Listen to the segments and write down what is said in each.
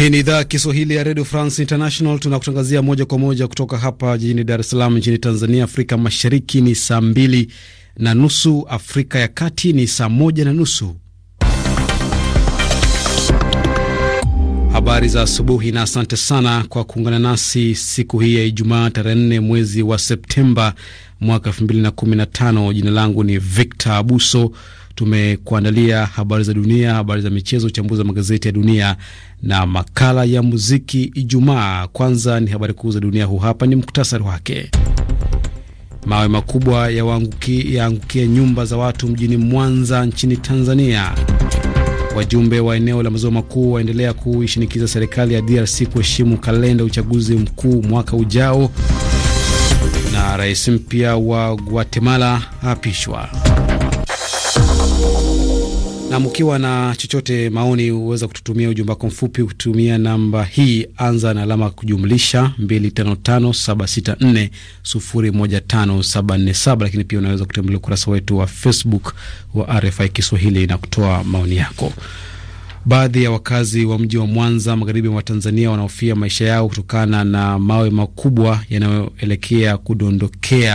Hii ni idhaa ya Kiswahili ya redio France International. Tunakutangazia moja kwa moja kutoka hapa jijini Dar es Salaam nchini Tanzania. Afrika Mashariki ni saa mbili na nusu, Afrika ya Kati ni saa moja na nusu. Habari za asubuhi na asante sana kwa kuungana nasi siku hii ya Ijumaa, tarehe 4 mwezi wa Septemba mwaka 2015. Jina langu ni Victor Abuso. Tumekuandalia habari za dunia, habari za michezo, uchambuzi wa magazeti ya dunia na makala ya muziki Ijumaa. Kwanza ni habari kuu za dunia, huu hapa ni muktasari wake. Mawe makubwa yaangukia ya nyumba za watu mjini Mwanza nchini Tanzania. Wajumbe wa eneo la maziwa makuu waendelea kuishinikiza serikali ya DRC kuheshimu kalenda uchaguzi mkuu mwaka ujao. Na rais mpya wa Guatemala aapishwa na mkiwa na chochote maoni, uweza kututumia ujumbe wako mfupi kutumia namba hii, anza na alama kujumlisha 255764015747. Lakini pia unaweza kutembelea ukurasa wetu wa Facebook wa RFI Kiswahili na kutoa maoni yako. Baadhi ya wakazi wa mji wa Mwanza magharibi mwa Tanzania wanahofia maisha yao kutokana na mawe makubwa yanayoelekea kudondokea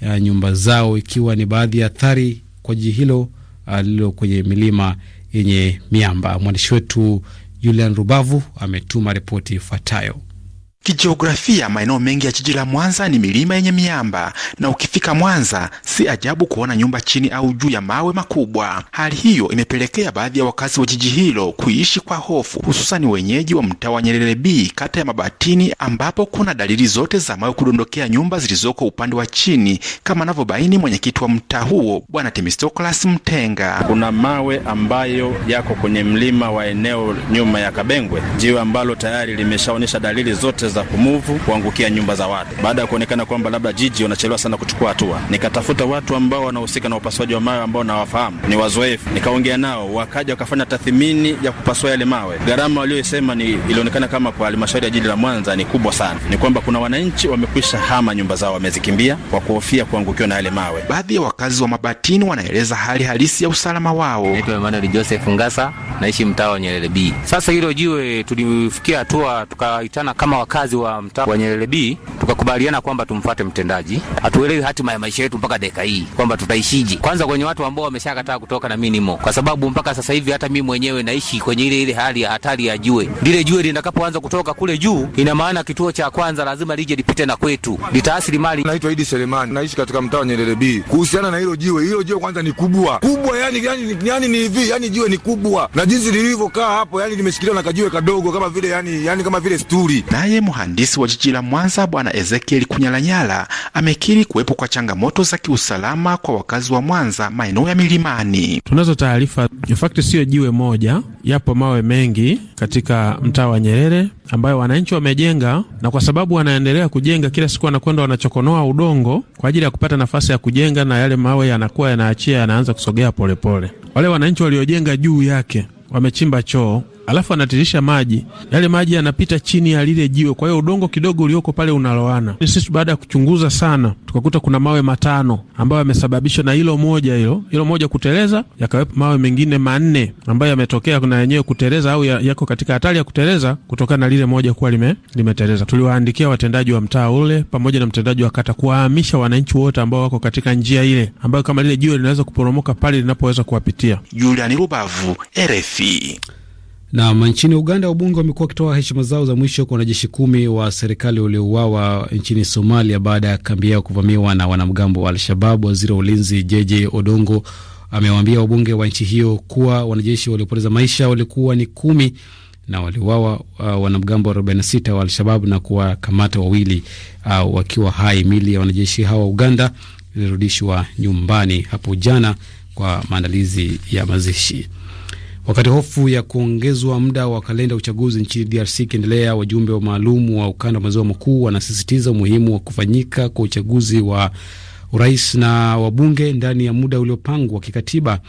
ya eh, nyumba zao, ikiwa ni baadhi ya athari kwa jiji hilo lililo kwenye milima yenye miamba. Mwandishi wetu Julian Rubavu ametuma ripoti ifuatayo. Kijiografia, maeneo mengi ya jiji la Mwanza ni milima yenye miamba, na ukifika Mwanza si ajabu kuona nyumba chini au juu ya mawe makubwa. Hali hiyo imepelekea baadhi ya wakazi wa jiji hilo kuishi kwa hofu, hususani wenyeji wa mtaa wa Nyerere B, kata ya Mabatini, ambapo kuna dalili zote za mawe kudondokea nyumba zilizoko upande wa chini, kama anavyobaini mwenyekiti wa mtaa huo, Bwana Timistoklas Mtenga. Kuna mawe ambayo yako kwenye mlima wa eneo nyuma ya Kabengwe, jiwe ambalo tayari limeshaonyesha dalili zote za kumuvu kuangukia nyumba za watu. Baada ya kuonekana kwamba labda jiji wanachelewa sana kuchukua hatua, nikatafuta watu ambao wanahusika na upasuaji wa mawe ambao nawafahamu ni wazoefu, nikaongea nao, wakaja wakafanya tathmini ya kupasua yale mawe. Gharama walioisema ni ilionekana kama kwa halmashauri ya jiji la Mwanza ni kubwa sana. Ni kwamba kuna wananchi wamekwisha hama nyumba zao, wamezikimbia kwa kuhofia kuangukiwa na yale mawe. Baadhi ya wakazi wa Mabatini wanaeleza hali halisi ya usalama wao. Naitwa Emmanuel Joseph Ngasa, naishi mtaa wa Nyerere B. Sasa hilo jiwe tulifikia hatua tukaitana kama wakazi wakazi wa mtaa wa Nyerere B tukakubaliana kwamba tumfuate mtendaji. Hatuelewi hatima ya maisha yetu mpaka dakika hii kwamba tutaishije, kwanza kwenye watu ambao wameshakataa kutoka na mimi nimo, kwa sababu mpaka sasa hivi hata mimi mwenyewe naishi kwenye ile ile hali ya hatari ya jue. Lile jue linakapoanza kutoka kule juu, ina maana kituo cha kwanza lazima lije lipite na kwetu, litaathiri mali. Naitwa Idi Selemani, naishi katika mtaa wa Nyerere B. Kuhusiana na hilo jiwe, hilo jiwe kwanza ni kubwa kubwa, yani yani, yani ni hivi, yani jiwe ni kubwa na jinsi lilivyokaa hapo, yani limeshikiliwa na kajiwe kadogo kama vile yani, yani kama vile sturi naye Mhandisi wa jiji la Mwanza Bwana ezekieli Kunyalanyala amekiri kuwepo kwa changamoto za kiusalama kwa wakazi wa Mwanza maeneo ya milimani. Tunazo taarifa, in siyo jiwe moja, yapo mawe mengi katika mtaa wa Nyerere ambayo wananchi wamejenga, na kwa sababu wanaendelea kujenga kila siku, wanakwenda wanachokonoa udongo kwa ajili ya kupata nafasi ya kujenga, na yale mawe yanakuwa yanaachia, yanaanza kusogea polepole pole. Wale wananchi waliojenga juu yake wamechimba choo alafu anatirisha maji, yale maji yanapita chini ya lile jiwe, kwa hiyo udongo kidogo ulioko pale unaloana. Sisi baada ya kuchunguza sana, tukakuta kuna mawe matano ambayo yamesababishwa na hilo moja, hilo hilo moja kuteleza, yakawepo mawe mengine manne ambayo yametokea na yenyewe kuteleza au ya, yako katika hatari ya kuteleza kutokana na lile moja kuwa lime, limeteleza. Tuliwaandikia watendaji wa mtaa ule pamoja na mtendaji wa kata kuwahamisha wananchi wote ambao wako katika njia ile ambayo kama lile jiwe linaweza kuporomoka pale linapoweza kuwapitia. Juliani Rubavu, RFI. Nam, nchini Uganda wabunge wamekuwa wakitoa heshima zao za mwisho kwa wanajeshi kumi wa serikali waliouawa nchini Somalia baada ya kambi yao kuvamiwa na wanamgambo wa al Waziri wa ulinzi JJ Odongo amewaambia wabunge wa nchi hiyo kuwa wanajeshi waliopoteza maisha walikuwa ni kumi na waliuawa uh, wanamgambo 46 wa al na kuwakamata wawili uh, wakiwa hai. Mili ya wanajeshi hawa wa Uganda ilirudishwa nyumbani hapo jana kwa maandalizi ya mazishi. Wakati hofu ya kuongezwa muda wa kalenda uchaguzi nchini DRC ikiendelea, wajumbe wa maalum wa ukanda wa maziwa makuu wanasisitiza umuhimu wa kufanyika kwa uchaguzi wa urais na wabunge ndani ya muda uliopangwa kikatiba.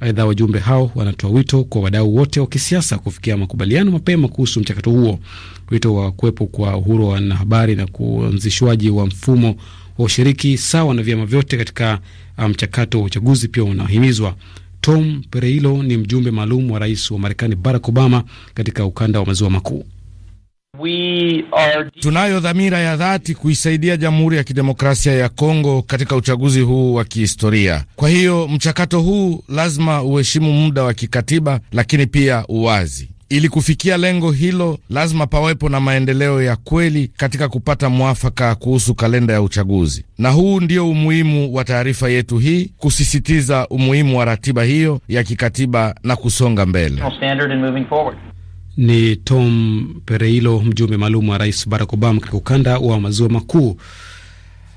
Aidha, wajumbe hao wanatoa wito kwa wadau wote wa kisiasa kufikia makubaliano mapema kuhusu mchakato huo. Wito wa kuwepo kwa uhuru wa wanahabari na kuanzishwaji wa mfumo wa ushiriki sawa na vyama vyote katika um, mchakato um, wa uchaguzi pia unahimizwa. Tom Pereilo ni mjumbe maalum wa rais wa Marekani Barack Obama katika ukanda wa maziwa makuu. Are... tunayo dhamira ya dhati kuisaidia Jamhuri ya Kidemokrasia ya Kongo katika uchaguzi huu wa kihistoria. Kwa hiyo mchakato huu lazima uheshimu muda wa kikatiba, lakini pia uwazi. Ili kufikia lengo hilo, lazima pawepo na maendeleo ya kweli katika kupata mwafaka kuhusu kalenda ya uchaguzi, na huu ndio umuhimu wa taarifa yetu hii, kusisitiza umuhimu wa ratiba hiyo ya kikatiba na kusonga mbele. Ni Tom Pereilo, mjumbe maalum wa Rais Barack Obama katika ukanda wa maziwa makuu.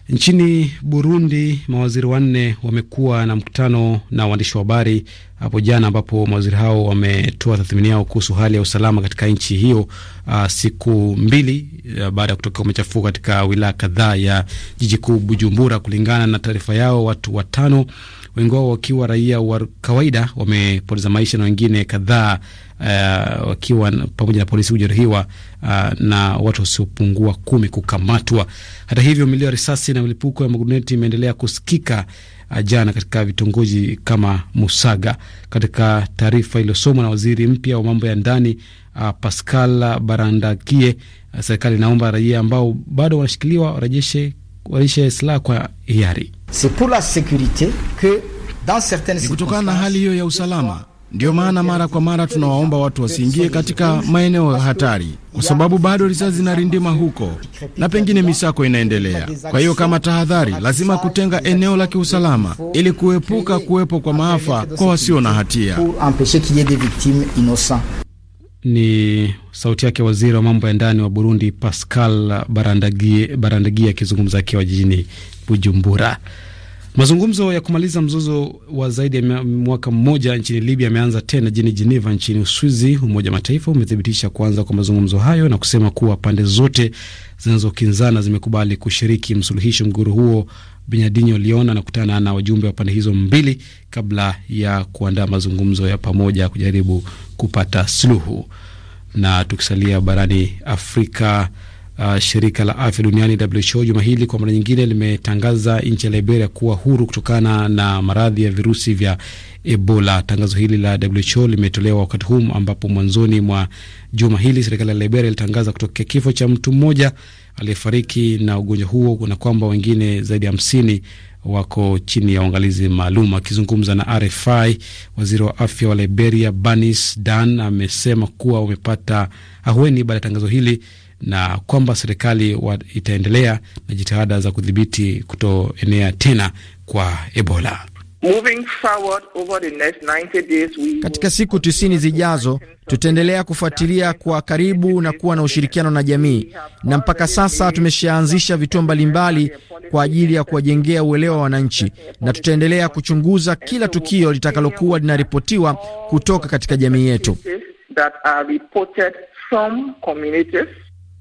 Nchini Burundi, mawaziri wanne wamekuwa na mkutano na waandishi wa habari hapo jana, ambapo mawaziri hao wametoa tathmini yao kuhusu hali ya usalama katika nchi hiyo, uh, siku mbili uh, baada ya kutokea machafuko katika wilaya kadhaa ya jiji kuu Bujumbura. Kulingana na taarifa yao, watu watano wengi wao wakiwa raia wa kawaida wamepoteza maisha na wengine kadhaa uh, wakiwa pamoja na polisi kujeruhiwa uh, na watu wasiopungua kumi kukamatwa. Hata hivyo, milio ya risasi na milipuko ya maguruneti imeendelea kusikika uh, jana katika vitongoji kama Musaga. Katika taarifa iliyosomwa na waziri mpya wa mambo ya ndani uh, Pascal Barandakie, uh, serikali inaomba raia ambao bado wanashikiliwa warejeshe walishe silaha kwa hiari. Ni kutokana na hali hiyo ya usalama ndiyo maana mara kwa mara tunawaomba watu wasiingie katika maeneo ya hatari, kwa sababu bado risasi zinarindima huko na pengine misako inaendelea. Kwa hiyo kama tahadhari, lazima kutenga eneo la kiusalama ili kuepuka kuwepo kwa maafa kwa wasio na hatia. Ni sauti yake waziri wa mambo ya ndani wa Burundi, Pascal Barandagie, akizungumza akiwa jijini Bujumbura. Mazungumzo ya kumaliza mzozo wa zaidi ya mwaka mmoja nchini Libya yameanza tena jijini jeneva nchini Uswizi. Umoja wa Mataifa umethibitisha kuanza kwa mazungumzo hayo na kusema kuwa pande zote zinazokinzana zimekubali kushiriki msuluhishi mgogoro huo Benyadini Leon anakutana na wajumbe wa pande hizo mbili kabla ya kuandaa mazungumzo ya pamoja kujaribu kupata suluhu. Na tukisalia barani Afrika, uh, shirika la afya duniani WHO juma hili kwa mara nyingine limetangaza nchi ya Liberia kuwa huru kutokana na maradhi ya virusi vya Ebola. Tangazo hili la WHO limetolewa wakati huu ambapo mwanzoni mwa juma hili serikali ya Liberia ilitangaza kutokea kifo cha mtu mmoja aliyefariki na ugonjwa huo na kwamba wengine zaidi ya hamsini wako chini ya uangalizi maalum. Akizungumza na RFI, waziri wa afya wa Liberia Banis Dan amesema kuwa wamepata ahueni baada ya tangazo hili na kwamba serikali itaendelea na jitihada za kudhibiti kutoenea tena kwa Ebola. Moving forward over the next 90 days we... Katika siku tisini zijazo tutaendelea kufuatilia kwa karibu na kuwa na ushirikiano na jamii, na mpaka sasa tumeshaanzisha vituo mbalimbali kwa ajili ya kuwajengea uelewa wa wananchi, na tutaendelea kuchunguza kila tukio litakalokuwa linaripotiwa kutoka katika jamii yetu.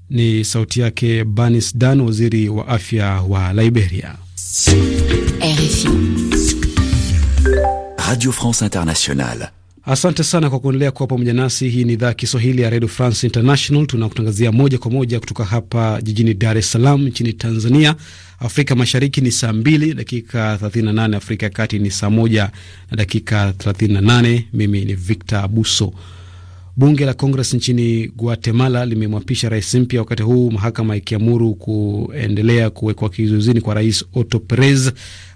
Ni sauti yake Banis Dan, waziri wa afya wa Liberia, RFI. Radio France Internationale. Asante sana kwa kuendelea kuwa pamoja nasi. Hii ni idhaa Kiswahili ya Radio France International. Tunakutangazia moja kwa moja kutoka hapa jijini Dar es Salaam nchini Tanzania. Afrika Mashariki ni saa mbili dakika 38, Afrika ya Kati ni saa moja na dakika 38. Mimi ni Victor Abuso. Bunge la kongres nchini Guatemala limemwapisha rais mpya, wakati huu mahakama ikiamuru kuendelea kuwekwa kizuizini kwa rais Otto Perez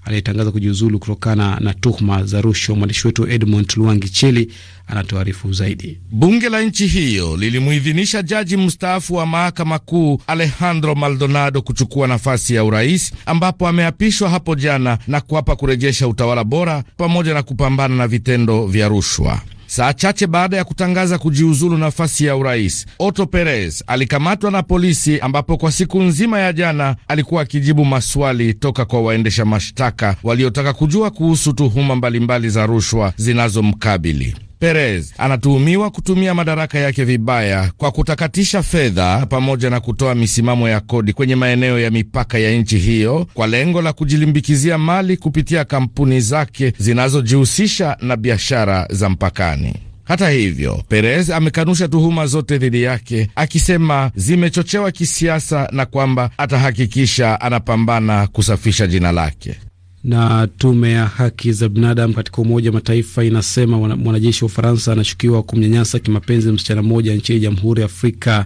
aliyetangaza kujiuzulu kutokana na tuhuma za rushwa. Mwandishi wetu edmund Luangi Cheli anatuarifu zaidi. Bunge la nchi hiyo lilimuidhinisha jaji mstaafu wa mahakama kuu Alejandro Maldonado kuchukua nafasi ya urais, ambapo ameapishwa hapo jana na kuapa kurejesha utawala bora pamoja na kupambana na vitendo vya rushwa. Saa chache baada ya kutangaza kujiuzulu nafasi ya urais, Otto Perez alikamatwa na polisi, ambapo kwa siku nzima ya jana alikuwa akijibu maswali toka kwa waendesha mashtaka waliotaka kujua kuhusu tuhuma mbalimbali za rushwa zinazomkabili. Perez anatuhumiwa kutumia madaraka yake vibaya kwa kutakatisha fedha pamoja na kutoa misimamo ya kodi kwenye maeneo ya mipaka ya nchi hiyo kwa lengo la kujilimbikizia mali kupitia kampuni zake zinazojihusisha na biashara za mpakani. Hata hivyo, Perez amekanusha tuhuma zote dhidi yake akisema zimechochewa kisiasa na kwamba atahakikisha anapambana kusafisha jina lake na tume ya haki za binadamu katika Umoja wa Mataifa inasema mwanajeshi wa Ufaransa anashukiwa kumnyanyasa kimapenzi msichana mmoja nchini Jamhuri ya Afrika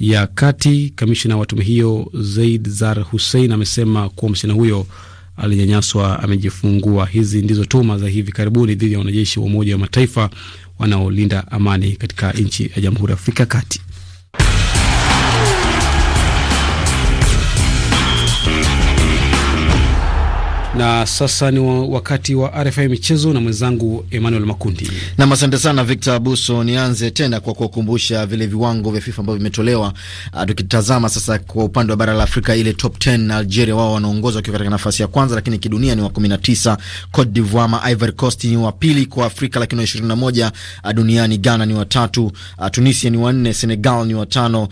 ya Kati. Kamishina wa tume hiyo Zaid Zar Hussein amesema kuwa msichana huyo alinyanyaswa amejifungua. Hizi ndizo tuhuma za hivi karibuni dhidi ya wanajeshi wa Umoja wa Mataifa wanaolinda amani katika nchi ya Jamhuri ya Afrika ya Kati. Na sasa ni wakati wa RFI michezo na mwenzangu Emmanuel Makundi. Nam, asante sana Victor Abuso. Nianze tena kwa kuwakumbusha vile viwango vya FIFA ambavyo vimetolewa. Ah, tukitazama sasa kwa upande wa bara la Afrika, ile top 10 na Algeria wao wanaongoza wakiwa katika nafasi ya kwanza, lakini kidunia ni wa 19. Cote d'Ivoire na Ivory Coast ni wa pili kwa Afrika, lakini wa 21 ah, duniani. Ghana ni wa tatu, ah, Tunisia ni wa nne, Senegal ni wa tano,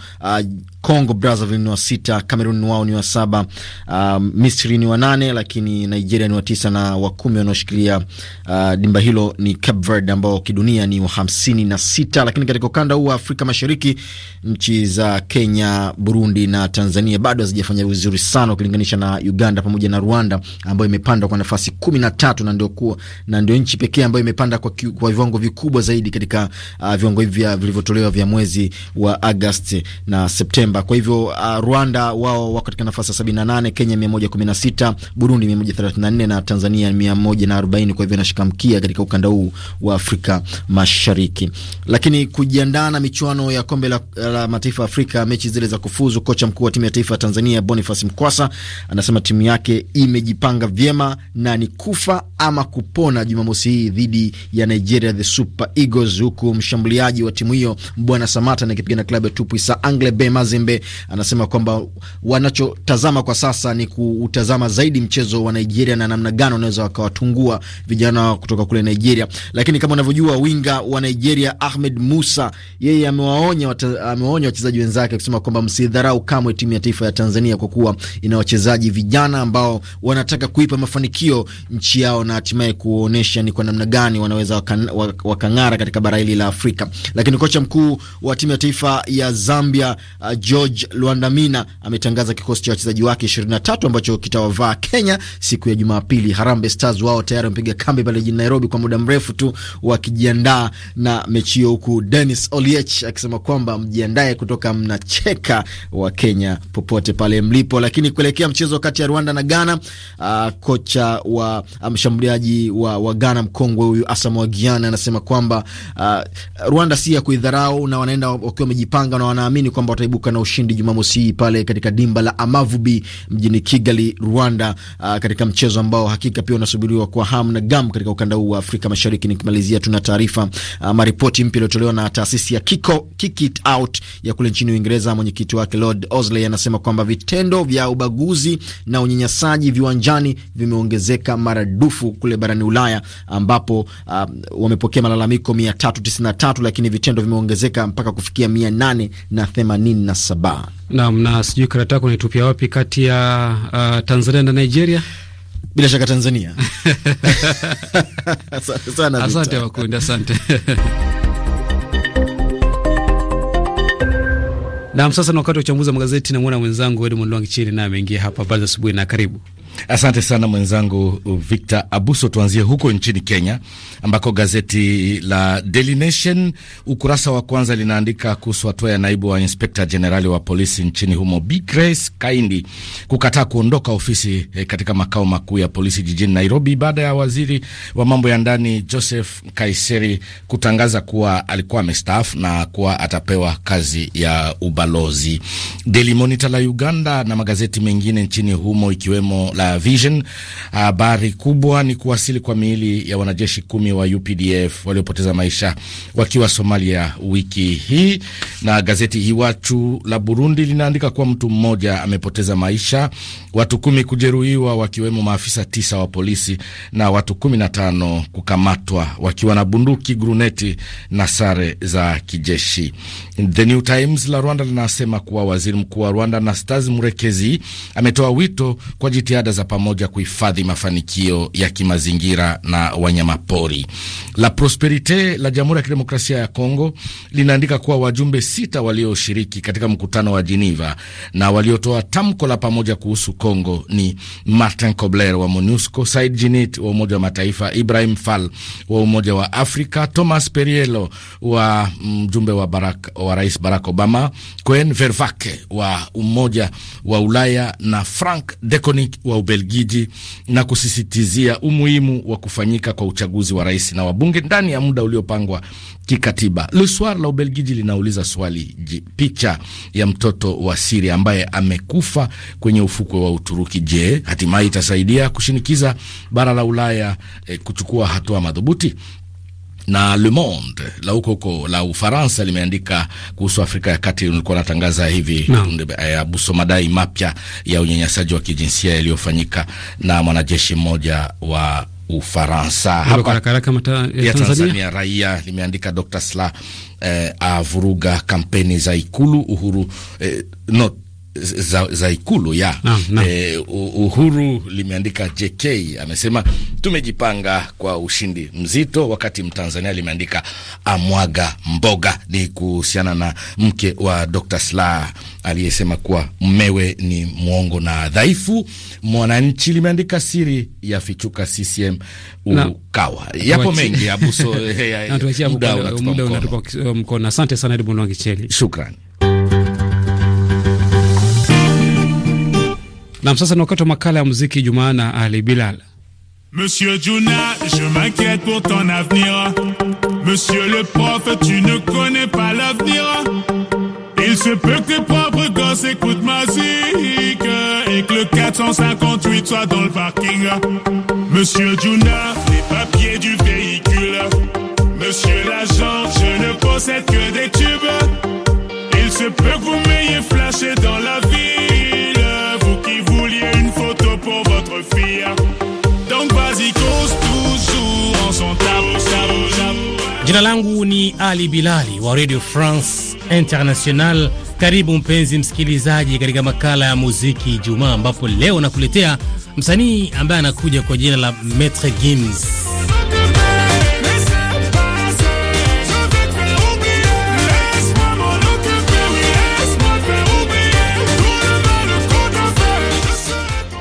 Congo Brazzaville ni wa sita, Cameroon ni wao ni wa saba, um, Misri ni wa nane, lakini Nigeria ni wa tisa na wa kumi wanaoshikilia uh, dimba hilo ni Cape Verde ambao kidunia ni wa hamsini na sita. Lakini katika ukanda huu wa Afrika Mashariki nchi za Kenya, Burundi na Tanzania bado hazijafanya vizuri sana ukilinganisha na Uganda pamoja na Rwanda ambayo imepanda kwa nafasi kumi na tatu na ndio kuwa na ndio nchi pekee ambayo imepanda kwa, kwa viwango vikubwa zaidi katika uh, viwango hivi vilivyotolewa vya mwezi wa Agosti na Septemba. Desemba. Kwa hivyo uh, Rwanda wao wako katika nafasi ya 78, Kenya 116, Burundi 134 na Tanzania 140. Kwa hivyo inashika mkia katika ukanda huu wa Afrika Mashariki. Lakini kujiandaa na michuano ya kombe la, la mataifa Afrika, mechi zile za kufuzu, kocha mkuu wa timu ya taifa ya Tanzania Boniface Mkwasa anasema timu yake imejipanga vyema na ni kufa ama kupona Jumamosi hii dhidi ya Nigeria the Super Eagles, huku mshambuliaji wa timu hiyo Bwana Samata na kipigana klabu ya Tupuisa Angle Bemazembe Mazembe anasema kwamba wanachotazama kwa sasa ni kutazama zaidi mchezo wa Nigeria na namna gani wanaweza wakawatungua vijana kutoka kule Nigeria. Lakini kama unavyojua, winga wa Nigeria Ahmed Musa yeye amewaonya amewaonya wachezaji wenzake kusema kwamba msidharau kamwe timu ya taifa ya Tanzania kwa kuwa ina wachezaji vijana ambao wanataka kuipa mafanikio nchi yao na hatimaye kuonesha ni kwa namna gani wanaweza wakang'ara katika bara hili la Afrika. Lakini kocha mkuu wa timu ya taifa ya Zambia uh, George Luandamina ametangaza kikosi cha wachezaji wake 23 ambacho kitawavaa Kenya siku ya Jumapili. Harambee Stars wao tayari wamepiga kambi pale jijini Nairobi kwa muda mrefu tu wakijiandaa na mechi hiyo, huku Dennis Oliech akisema kwamba mjiandae kutoka mnacheka wa Kenya popote pale mlipo. Lakini kuelekea mchezo kati ya Rwanda na Ghana, uh, kocha wa uh, mshambuliaji wa, wa Ghana mkongwe huyu Asamoah Gyan anasema kwamba uh, Rwanda si ya kuidharau na wanaenda wakiwa wamejipanga na wanaamini kwamba wataibuka na ushindi Jumamosi hii pale katika dimba la Amavubi mjini Kigali, Rwanda, uh, katika mchezo ambao hakika pia unasubiriwa kwa hamu na gamu katika ukanda huu wa Afrika Mashariki. Nikimalizia, tuna taarifa uh, maripoti mpya iliyotolewa na taasisi ya Kiko, Kick It Out ya kule nchini Uingereza. Mwenyekiti wake Lord Osley anasema kwamba vitendo vya ubaguzi na unyanyasaji viwanjani vimeongezeka maradufu kule barani Ulaya ambapo uh, wamepokea malalamiko 393 lakini vitendo vimeongezeka mpaka kufikia 887 saba. Naam, na sijui karata yako naitupia wapi kati ya uh, Tanzania na Nigeria? Bila shaka Tanzania. Asante asante Wakundi, asante Naam, sasa ni wakati wa uchambuzi wa magazeti, namwona mwenzangu Edmond chini naye ameingia hapa. Habari za asubuhi na karibu. Asante sana mwenzangu uh, Victor Abuso. Tuanzie huko nchini Kenya ambako gazeti la Daily Nation ukurasa wa kwanza linaandika kuhusu hatua ya naibu wa inspekta jenerali wa polisi nchini humo Bi Grace Kaindi kukataa kuondoka ofisi eh, katika makao makuu ya polisi jijini Nairobi baada ya waziri wa mambo ya ndani Joseph Kaiseri kutangaza kuwa alikuwa amestaafu na kuwa atapewa kazi ya ubalozi. Daily Monitor la Uganda na magazeti mengine nchini humo ikiwemo la la Vision. Habari kubwa ni kuwasili kwa miili ya wanajeshi kumi wa UPDF waliopoteza maisha wakiwa Somalia wiki hii, na gazeti Iwachu la Burundi linaandika kuwa mtu mmoja amepoteza maisha watu kumi kujeruhiwa wakiwemo maafisa tisa wa polisi na watu kumi na tano kukamatwa wakiwa na bunduki, gruneti na sare za kijeshi. The New Times la Rwanda linasema kuwa waziri mkuu wa Rwanda Anastase Murekezi ametoa wito kwa jitihada za pamoja kuhifadhi mafanikio ya kimazingira na wanyamapori. La Prosperite la Jamhuri ya Kidemokrasia ya Kongo linaandika kuwa wajumbe sita walioshiriki katika mkutano wa Geneva na waliotoa tamko la pamoja kuhusu Kongo ni Martin Kobler wa MONUSCO, Said Jinit wa Umoja wa Mataifa, Ibrahim Fall wa Umoja wa Afrika, Thomas Perielo wa mjumbe wa, Barack, wa Rais Barack Obama, Quen Vervake wa Umoja wa Ulaya na Frank Deconic wa Ubelgiji, na kusisitizia umuhimu wa kufanyika kwa uchaguzi wa rais na wabunge ndani ya muda uliopangwa kikatiba. Luswar la Ubelgiji linauliza swali: picha ya mtoto wa Siria ambaye amekufa kwenye ufukwe wa Uturuki, je, hatimaye itasaidia kushinikiza bara la Ulaya eh, kuchukua hatua madhubuti? na Le Monde la huko huko la Ufaransa limeandika kuhusu Afrika ya Kati. Ulikuwa natangaza hivi abuso eh, no. madai mapya ya unyanyasaji wa kijinsia yaliyofanyika na mwanajeshi mmoja wa Ufaransa hapa ya Tanzania. Raia limeandika Dr. Sla eh, avuruga kampeni za Ikulu Uhuru eh, not za, za ikulu ya na, na. Eh, Uhuru limeandika JK amesema tumejipanga kwa ushindi mzito, wakati Mtanzania limeandika amwaga mboga. Ni kuhusiana na mke wa Dr. Slaa aliyesema kuwa mmewe ni mwongo na dhaifu. Mwananchi limeandika siri ya fichuka CCM ukawa na. Yapo mengi abuso, eh, muda unatupa mkono. Asante sana Edmund Wangicheli, shukrani. Monsieur Juna, je m'inquiète pour ton avenir. Monsieur le prof, tu ne connais pas l'avenir. Il se peut que tes propres gosses écoutent ma musique et que le 458 soit dans le parking. Monsieur Juna, les papiers du véhicule. Monsieur l'agent, je ne possède que des tubes. Il se peut que vous m'ayez flashé dans la Jina langu ni Ali Bilali wa Radio France International. Karibu mpenzi msikilizaji, katika makala ya muziki Ijumaa, ambapo leo nakuletea msanii ambaye anakuja kwa jina la Maitre Gims.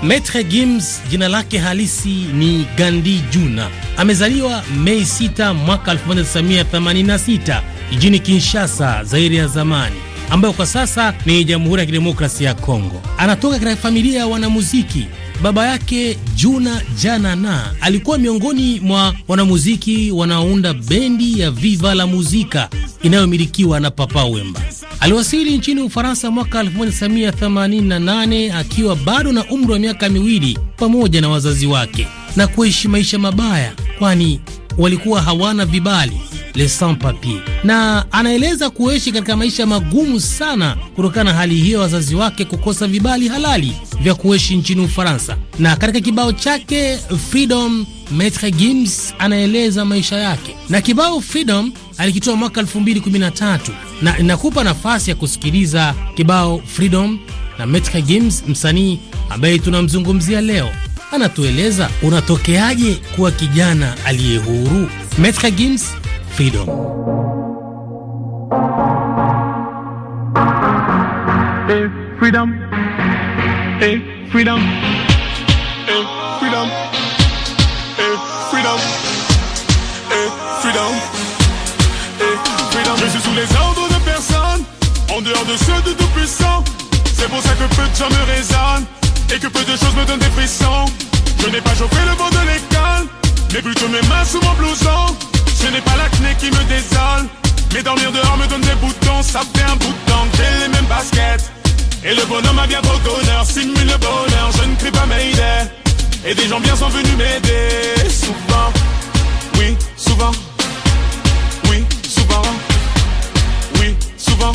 Metre Gims jina lake halisi ni Gandhi Juna. Amezaliwa Mei 6 mwaka 1986 jijini Kinshasa, Zaire ya zamani, ambayo kwa sasa ni Jamhuri ya Kidemokrasia ya Kongo. Anatoka katika familia ya wanamuziki. Baba yake Juna Janana alikuwa miongoni mwa wanamuziki wanaounda bendi ya Viva la Muzika inayomilikiwa na Papa Wemba. Aliwasili nchini Ufaransa mwaka 1988 akiwa bado na umri wa miaka miwili pamoja na wazazi wake na kuishi maisha mabaya, kwani walikuwa hawana vibali le sans papier, na anaeleza kuishi katika maisha magumu sana kutokana na hali hiyo, wazazi wake kukosa vibali halali vya kuishi nchini Ufaransa. Na katika kibao chake Freedom, Maitre Gims anaeleza maisha yake, na kibao Freedom alikitoa mwaka 2013 na inakupa nafasi ya kusikiliza kibao Freedom na Maitre Gims, msanii ambaye tunamzungumzia leo anatueleza unatokeaje kuwa kijana aliye huru. Maitre Gims freedom. Hey, freedom. Hey, freedom. Hey, freedom. Hey, freedom. Hey, freedom. Hey, freedom. Je suis sous les ordres de personne, en dehors de ceux de tout puissant. C'est pour ça que peu de gens me raisonnent, et que peu de choses me donnent des frissons. Je n'ai pas chauffé le vent de l'école, mais plutôt mes mains sous mon blouson. Ce n'est pas l'acné qui me désole, mais dormir dehors me donne des boutons, ça fait un bout de temps que j'ai les mêmes baskets. Et le bonhomme a bien trop d'honneur, simule le bonheur, je ne crie pas il est Et des gens bien sont venus m'aider, souvent, oui, souvent, oui, souvent, oui, souvent.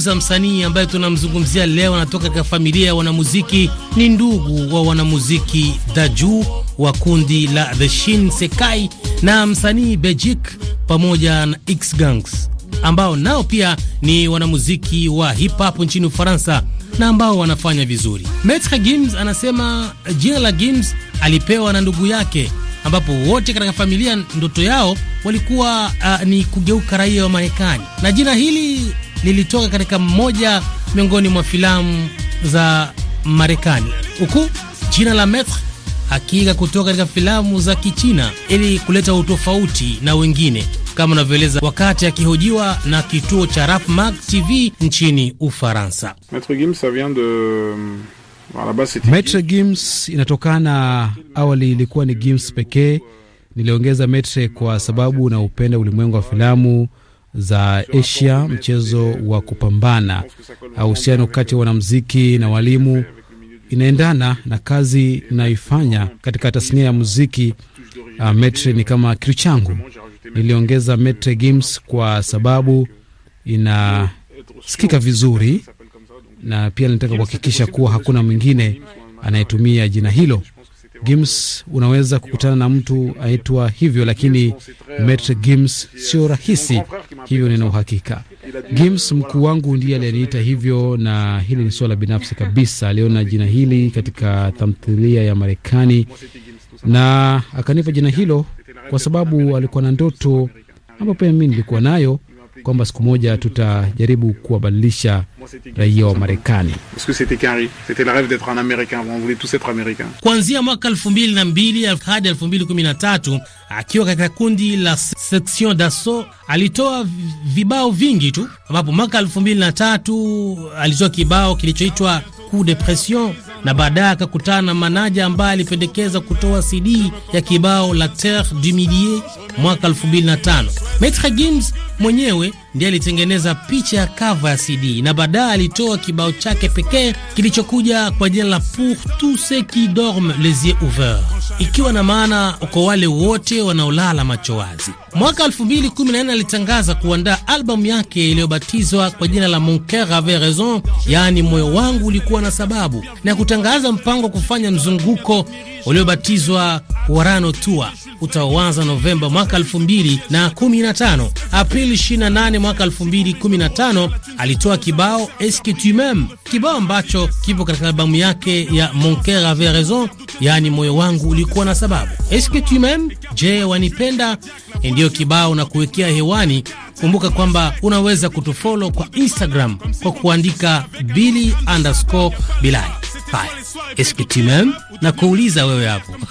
Luza, msanii ambaye tunamzungumzia leo, anatoka katika familia ya wanamuziki, ni ndugu wa wanamuziki Daju wa kundi la The Shin Sekai na msanii Bejik pamoja na X Gangs ambao nao pia ni wanamuziki wa hip hop nchini Ufaransa na ambao wanafanya vizuri. Metre Gims anasema jina la Gims alipewa na ndugu yake, ambapo wote katika familia ndoto yao walikuwa uh, ni kugeuka raia wa Marekani, na jina hili lilitoka katika mmoja miongoni mwa filamu za Marekani, huku jina la Maitre akiiga kutoka katika filamu za Kichina ili kuleta utofauti na wengine, kama unavyoeleza wakati akihojiwa na kituo cha Rap Mag TV nchini Ufaransa. Maitre Gims inatokana, awali ilikuwa ni Gims pekee, niliongeza Maitre kwa sababu na upenda ulimwengu wa filamu za Asia, mchezo wa kupambana. Uhusiano kati ya wanamuziki na walimu inaendana na kazi inayoifanya katika tasnia ya muziki. Uh, metre ni kama kitu changu. Niliongeza metre games kwa sababu inasikika vizuri, na pia nataka kuhakikisha kuwa hakuna mwingine anayetumia jina hilo. Games unaweza kukutana na mtu aitwa hivyo, lakini metre games sio rahisi hivyo nina uhakika. Gims mkuu wangu ndiye aliyeniita hivyo, na hili ni suala binafsi kabisa. Aliona jina hili katika tamthilia ya Marekani na akanipa jina hilo kwa sababu alikuwa na ndoto ambayo pia mimi nilikuwa nayo kwamba siku moja tutajaribu kuwabadilisha raia wa Marekani. Kuanzia mwaka elfu mbili na mbili hadi elfu mbili kumi na tatu akiwa katika kundi la Section Dasso alitoa vibao vingi tu, ambapo mwaka elfu mbili na tatu alitoa kibao kilichoitwa Coup de Pression na baadaye akakutana na manaja ambaye alipendekeza kutoa CD ya kibao La Terre du Milieu mwaka 2005. Maitre Gims mwenyewe ndiye alitengeneza picha ya kava ya CD na baadaye alitoa kibao chake pekee kilichokuja kwa jina la Pour tous ceux qui dorment les yeux ouverts ikiwa na maana kwa wale wote wanaolala macho wazi. Mwaka 2014 alitangaza kuandaa albamu yake iliyobatizwa kwa jina la Mon Coeur Avait Raison, yaani moyo wangu ulikuwa na sababu, na kutangaza mpango wa kufanya mzunguko uliobatizwa Warano Tour utaoanza Novemba mwaka 2015. Aprili 28 mwaka 2015 alitoa kibao Est-ce que tu m'aimes, kibao ambacho kipo katika albamu yake ya Mon Coeur Avait Raison, yaani moyo wangu ulikuwa na sababu. Eske tu je, wanipenda? E, Ndiyo kibao na kuwekea hewani. Kumbuka kwamba unaweza kutufolo kwa Instagram kwa kuandika bili underscore bilai. Haya, eske tu na kuuliza wewe hapo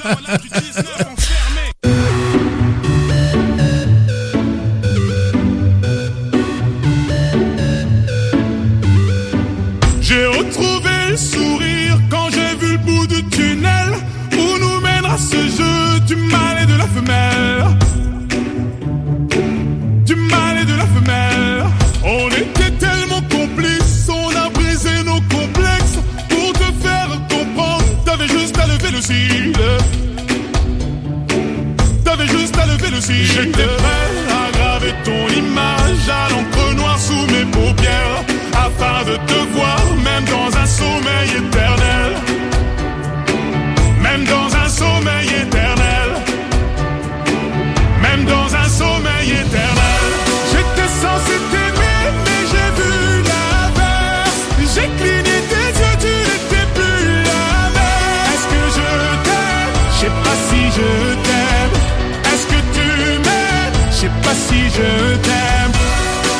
si je t'aime.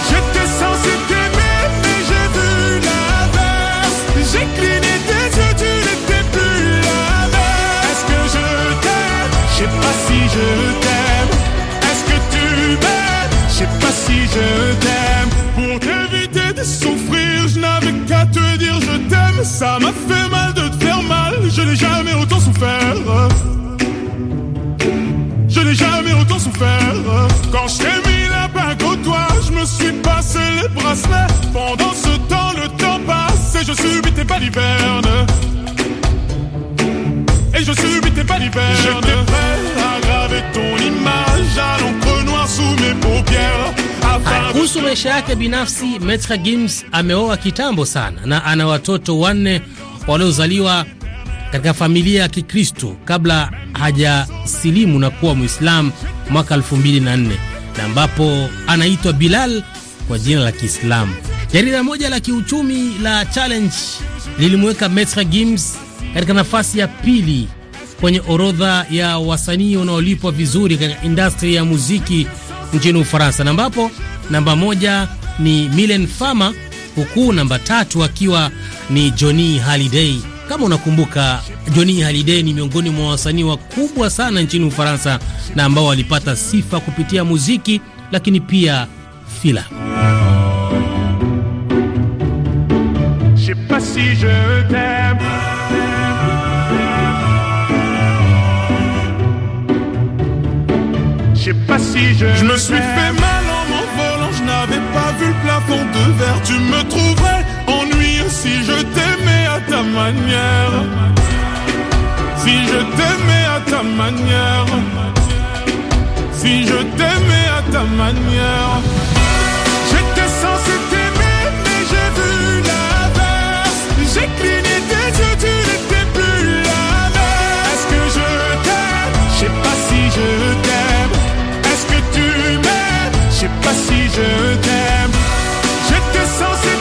Je te sens si mais j'ai vu l'inverse. J'ai cligné tes yeux, tu n'étais plus la même. Est-ce que je t'aime Je sais pas si je t'aime. Est-ce que tu m'aimes Je sais pas si je t'aime. Pour t'éviter de souffrir, je n'avais qu'à te dire je t'aime. Ça m'a fait mal de te faire mal, je n'ai jamais autant souffert souffert. Quand j'ai mis la bague au doigt, je me suis passé les bracelets. Pendant ce temps, le temps passe et je subis tes balivernes. Et je subis tes balivernes. Je t'ai à graver ton image à l'encre noire sous mes paupières. Ah, kuhusu maisha yake binafsi, Metra Gims ameoa kitambo sana na ana watoto wanne waliozaliwa katika familia ya Kikristo kabla hajasilimu na kuwa Muislamu mwaka 2004 na ambapo anaitwa Bilal kwa jina la Kiislamu. Jarida moja la kiuchumi la Challenge lilimweka Maitre Gims katika nafasi ya pili kwenye orodha ya wasanii wanaolipwa vizuri katika industry ya muziki nchini Ufaransa, na ambapo namba moja ni Milen Farmer, huku namba tatu akiwa ni Johnny Hallyday. Kama unakumbuka, Johnny Hallyday ni miongoni mwa wasanii wakubwa sana nchini Ufaransa na ambao walipata sifa kupitia muziki, lakini pia filamu. Si je t'aime. Je sais pas si je. Je me suis fait mal en m'envolant, je n'avais pas vu le plafond de verre, tu me trouverais si je t'aimais à ta manière. Si je t'aimais à ta manière. Si je t'aimais à ta manière. J'étais censé t'aimer, mais j'ai vu l'inverse. J'ai cligné tes yeux, tu n'étais plus la même Est-ce que je t'aime Je sais pas si je t'aime. Est-ce que tu m'aimes Je sais pas si je t'aime. J'étais censé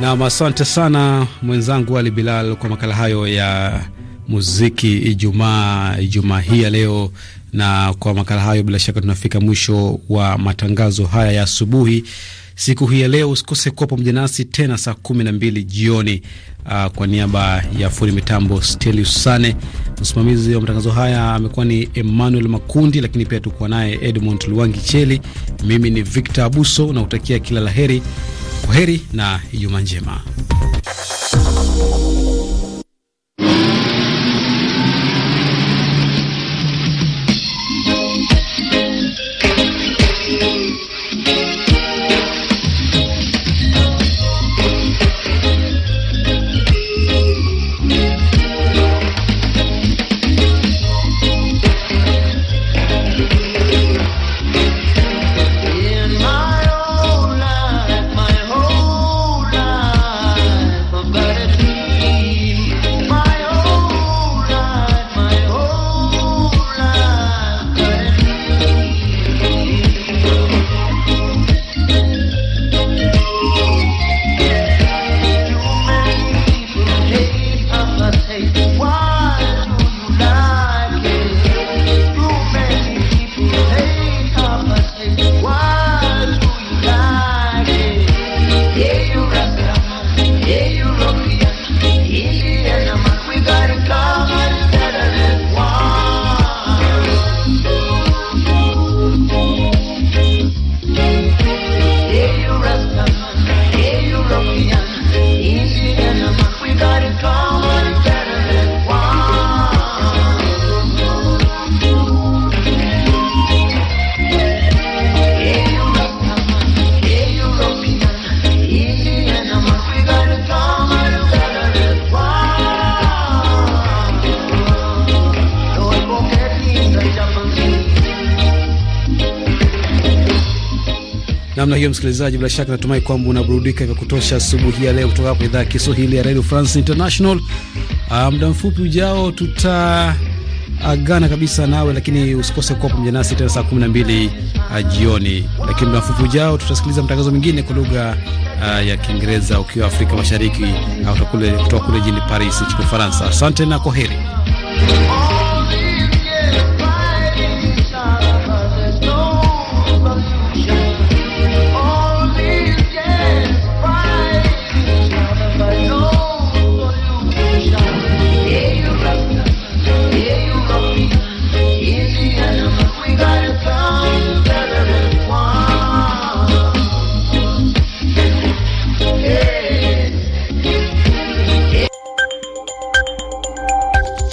Nam, asante sana mwenzangu Ali Bilal kwa makala hayo ya muziki Ijumaa, Ijumaa hii ya leo. Na kwa makala hayo, bila shaka tunafika mwisho wa matangazo haya ya asubuhi siku hii ya leo. Usikose kuwa pamoja nasi tena saa kumi na mbili jioni. Uh, kwa niaba ya fundi mitambo Stelius Sane, msimamizi wa matangazo haya amekuwa ni Emmanuel Makundi, lakini pia tukuwa naye Edmond Luangi Cheli. Mimi ni Victor Abuso, nautakia kila laheri Kwaheri na ijuma njema. namna hiyo. Msikilizaji, bila shaka natumai kwamba unaburudika vya kutosha asubuhi ya leo kutoka hapa idhaa ya Kiswahili ya Radio France International. Ah, muda um, mfupi ujao tuta agana kabisa nawe, lakini usikose kuwa pamoja nasi tena saa 12 mbili ah, jioni. Lakini muda mfupi ujao tutasikiliza matangazo mengine kwa lugha uh, ya Kiingereza ukiwa Afrika Mashariki, uh, kutoka kule jini Paris nchini Ufaransa. Asante na oh.